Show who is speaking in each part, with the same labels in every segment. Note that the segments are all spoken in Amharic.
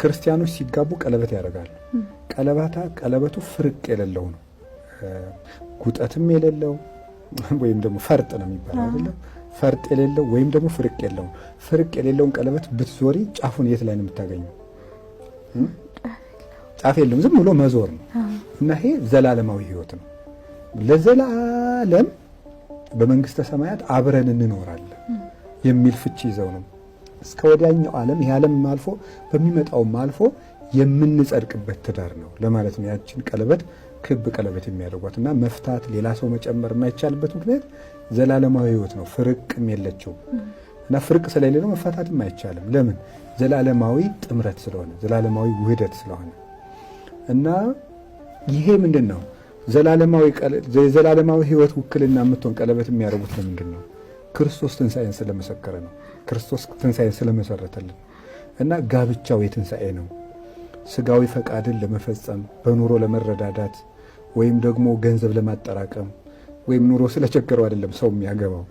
Speaker 1: ክርስቲያኖች ሲጋቡ ቀለበት ያደርጋል። ቀለበታ ቀለበቱ ፍርቅ የሌለው ነው፣ ጉጠትም የሌለው ወይም ደግሞ ፈርጥ ነው የሚባለው አይደለም። ፈርጥ የሌለው ወይም ደግሞ ፍርቅ የለው። ፍርቅ የሌለውን ቀለበት ብትዞሪ ጫፉን የት ላይ ነው የምታገኘው? ጫፍ የለውም፣ ዝም ብሎ መዞር ነው። እና ይሄ ዘላለማዊ ሕይወት ነው። ለዘላለም በመንግስተ ሰማያት አብረን እንኖራለን የሚል ፍቺ ይዘው ነው እስከ ወዲያኛው ዓለም ይህ ዓለም አልፎ በሚመጣውም አልፎ የምንጸድቅበት ትዳር ነው ለማለት ነው። ያችን ቀለበት ክብ ቀለበት የሚያደርጓት እና መፍታት ሌላ ሰው መጨመር የማይቻልበት ምክንያት ዘላለማዊ ህይወት ነው። ፍርቅም የለችው እና ፍርቅ ስለሌለ መፋታትም አይቻልም። ለምን? ዘላለማዊ ጥምረት ስለሆነ ዘላለማዊ ውህደት ስለሆነ እና ይሄ ምንድን ነው ዘላለማዊ ህይወት ውክልና የምትሆን ቀለበት የሚያደርጉት ለምንድን ነው? ክርስቶስ ትንሣኤን ስለመሰከረ ነው። ክርስቶስ ትንሣኤን ስለመሰረተልን እና ጋብቻው የትንሣኤ ነው። ስጋዊ ፈቃድን ለመፈጸም በኑሮ ለመረዳዳት ወይም ደግሞ ገንዘብ ለማጠራቀም ወይም ኑሮ ስለቸገረው አይደለም ሰው የሚያገባው።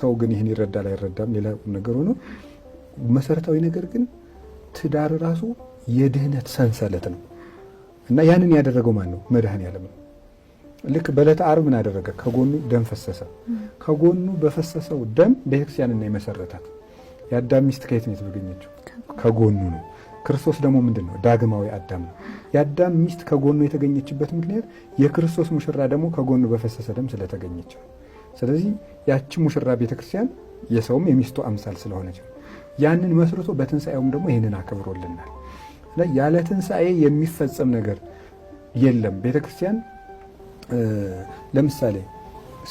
Speaker 1: ሰው ግን ይህን ይረዳል አይረዳም ሌላ ነገር ሆኖ፣ መሰረታዊ ነገር ግን ትዳር ራሱ የድህነት ሰንሰለት ነው እና ያንን ያደረገው ማን ነው? መድኃኔ ነው። ልክ በዕለተ ዓርብ ምን አደረገ? ከጎኑ ደም ፈሰሰ። ከጎኑ በፈሰሰው ደም ቤተክርስቲያንን ነው የመሰረታት። የአዳም ሚስት ከየት ነው የተገኘችው? ከጎኑ ነው። ክርስቶስ ደግሞ ምንድን ነው? ዳግማዊ አዳም ነው። የአዳም ሚስት ከጎኑ የተገኘችበት ምክንያት የክርስቶስ ሙሽራ ደግሞ ከጎኑ በፈሰሰ ደም ስለተገኘች ነው። ስለዚህ ያቺ ሙሽራ ቤተክርስቲያን የሰውም የሚስቱ አምሳል ስለሆነች ነው። ያንን መስርቶ በትንሣኤውም ደግሞ ይህንን አክብሮልናል። ያለ ትንሣኤ የሚፈጸም ነገር የለም ቤተክርስቲያን ለምሳሌ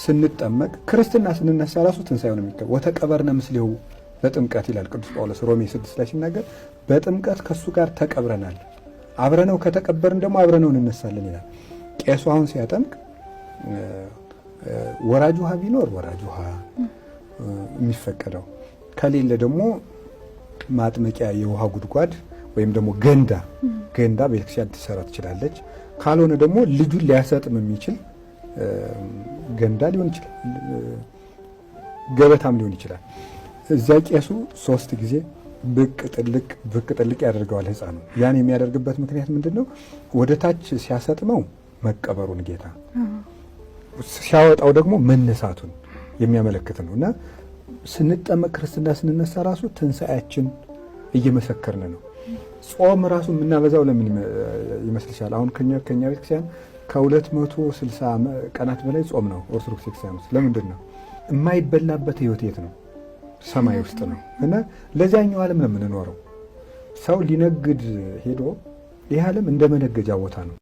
Speaker 1: ስንጠመቅ ክርስትና ስንነሳ ራሱ ትንሣኤ ነው የሚገባ ወተቀበርነ ምስሌሁ በጥምቀት ይላል ቅዱስ ጳውሎስ ሮሜ 6 ላይ ሲናገር በጥምቀት ከእሱ ጋር ተቀብረናል። አብረነው ከተቀበርን ደግሞ አብረነው እንነሳለን ይላል። ቄሱ አሁን ሲያጠምቅ ወራጅ ውሃ ቢኖር ወራጅ ውሃ የሚፈቀደው ከሌለ ደግሞ ማጥመቂያ የውሃ ጉድጓድ ወይም ደግሞ ገንዳ ገንዳ ቤተክርስቲያን ትሰራ ትችላለች። ካልሆነ ደግሞ ልጁን ሊያሰጥም የሚችል ገንዳ ሊሆን ይችላል፣ ገበታም ሊሆን ይችላል። እዚያ ቄሱ ሶስት ጊዜ ብቅ ጥልቅ ብቅ ጥልቅ ያደርገዋል ህፃኑ። ያን የሚያደርግበት ምክንያት ምንድን ነው? ወደ ታች ሲያሰጥመው መቀበሩን ጌታ ሲያወጣው ደግሞ መነሳቱን የሚያመለክት ነው እና ስንጠመቅ ክርስትና ስንነሳ ራሱ ትንሣኤያችን እየመሰከርን ነው። ጾም ራሱ የምናበዛው ለምን ይመስልሻል? አሁን ከኛ ከኛ ቤተክርስቲያን ከ260 ቀናት በላይ ጾም ነው ኦርቶዶክስ ቤተክርስቲያን ውስጥ። ለምንድን ነው የማይበላበት? ህይወት የት ነው? ሰማይ ውስጥ ነው። እና ለዚያኛው ዓለም ነው የምንኖረው። ሰው ሊነግድ ሄዶ ይህ ዓለም እንደ መነገጃ ቦታ ነው።